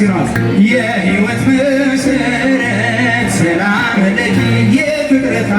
ሲራዝ የህይወት መሰረት ሰላም ለኪ የፍቅረታ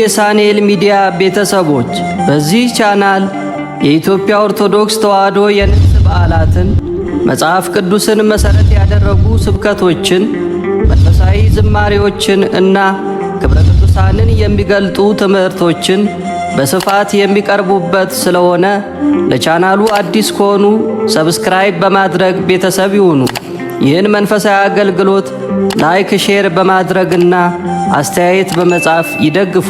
የሳንኤል ሚዲያ ቤተሰቦች በዚህ ቻናል የኢትዮጵያ ኦርቶዶክስ ተዋሕዶ የንስ በዓላትን መጽሐፍ ቅዱስን መሠረት ያደረጉ ስብከቶችን፣ መንፈሳዊ ዝማሬዎችን እና ክብረ ቅዱሳንን የሚገልጡ ትምህርቶችን በስፋት የሚቀርቡበት ስለሆነ ለቻናሉ አዲስ ከሆኑ ሰብስክራይብ በማድረግ ቤተሰብ ይሁኑ። ይህን መንፈሳዊ አገልግሎት ላይክ፣ ሼር በማድረግና አስተያየት በመጻፍ ይደግፉ።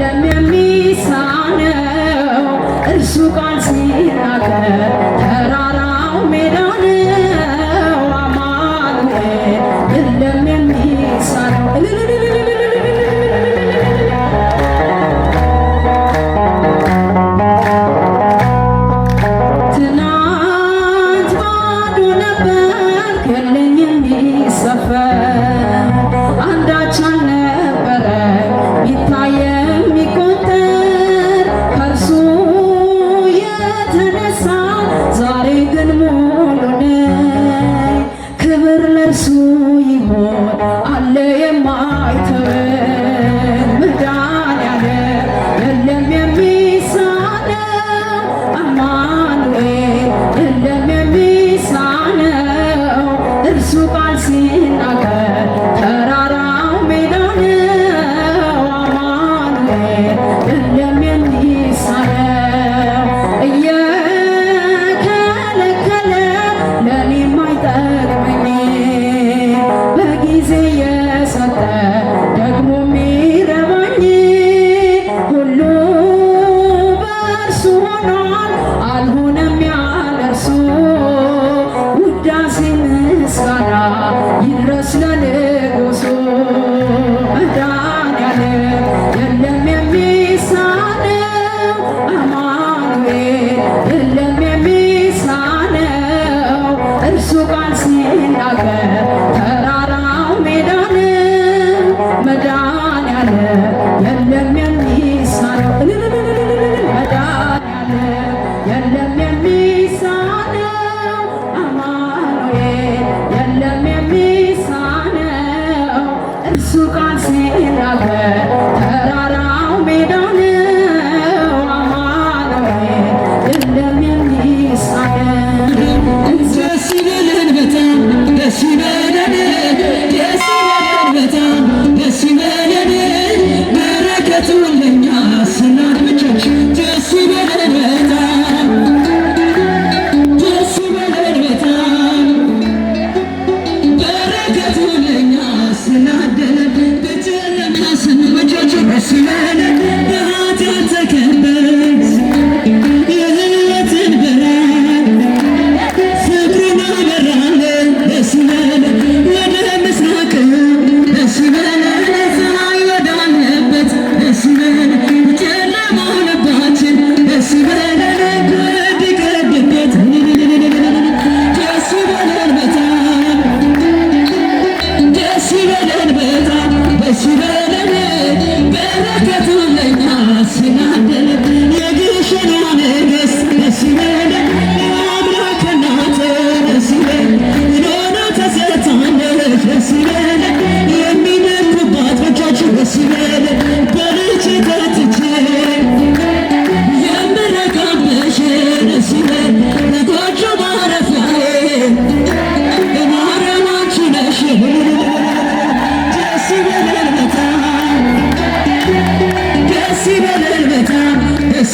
የለም የሚሳነው እርሱ ቃል ሲናገር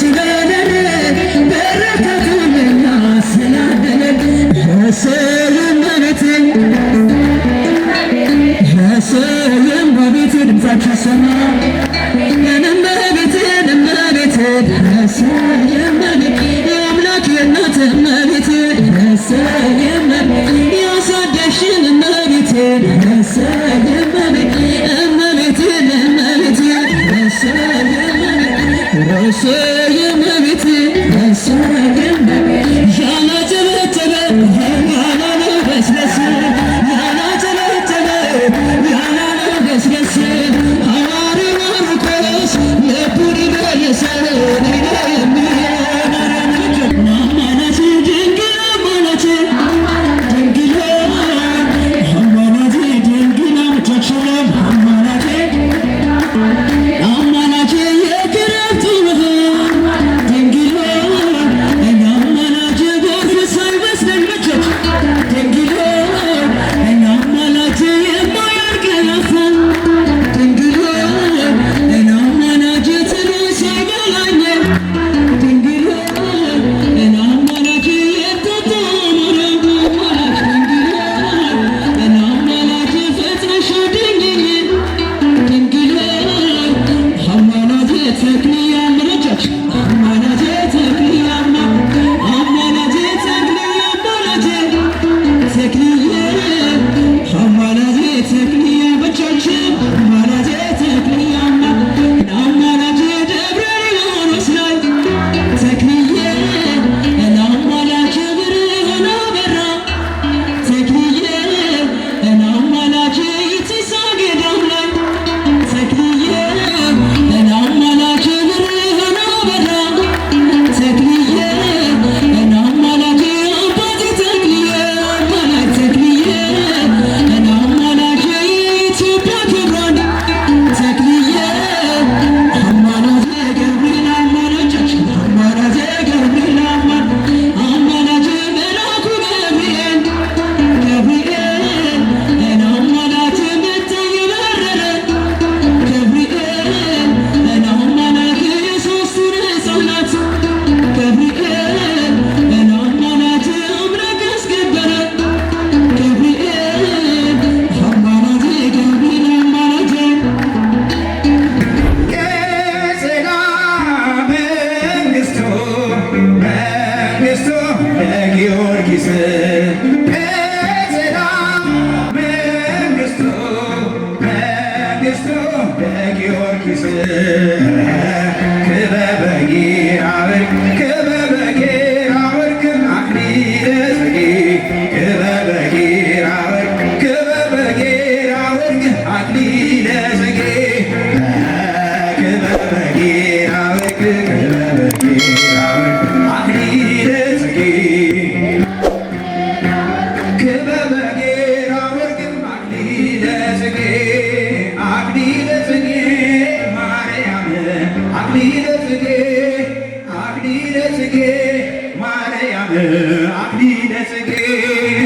思念。I need that again.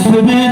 শুভেচ্ছা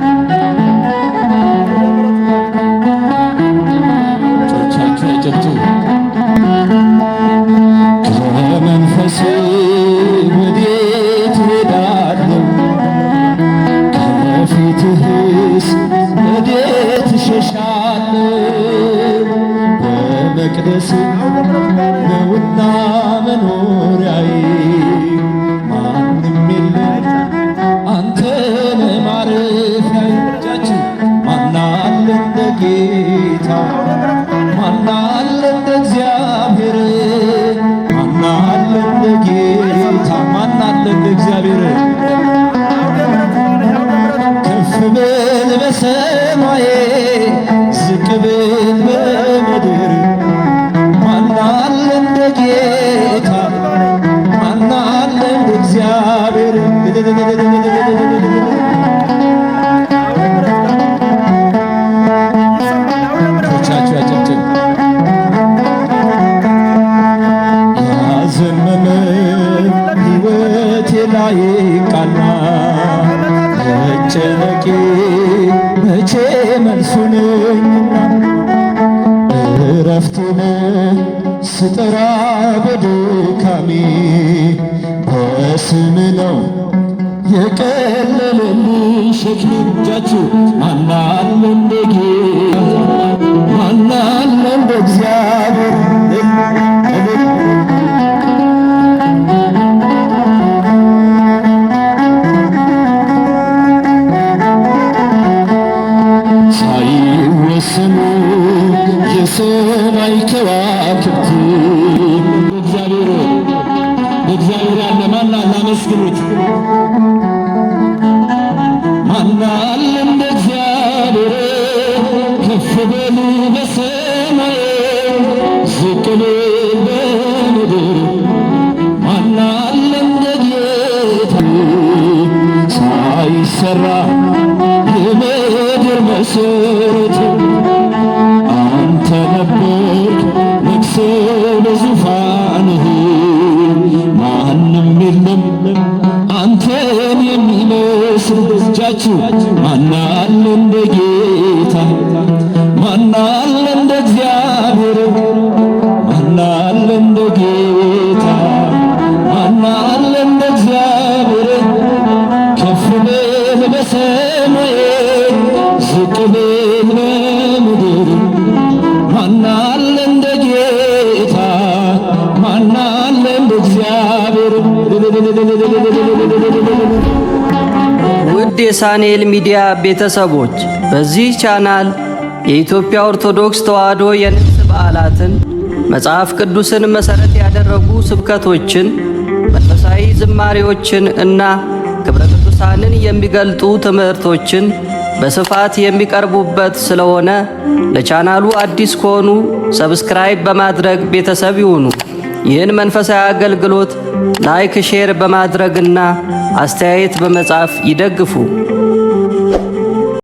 ስጠራ በድካሜ በስም ነው የቀል ሰራ የምድር መሠረት አንተ ነበርክ ነግሰህ በዙፋንህ ማንም የለም አንተን የሚመስል እጃችሁ የሳንኤል ሚዲያ ቤተሰቦች በዚህ ቻናል የኢትዮጵያ ኦርቶዶክስ ተዋሕዶ የንስ በዓላትን መጽሐፍ ቅዱስን መሠረት ያደረጉ ስብከቶችን፣ መንፈሳዊ ዝማሬዎችን እና ክብረ ቅዱሳንን የሚገልጡ ትምህርቶችን በስፋት የሚቀርቡበት ስለሆነ ለቻናሉ አዲስ ከሆኑ ሰብስክራይብ በማድረግ ቤተሰብ ይሁኑ። ይህን መንፈሳዊ አገልግሎት ላይክ፣ ሼር በማድረግና አስተያየት በመጻፍ ይደግፉ።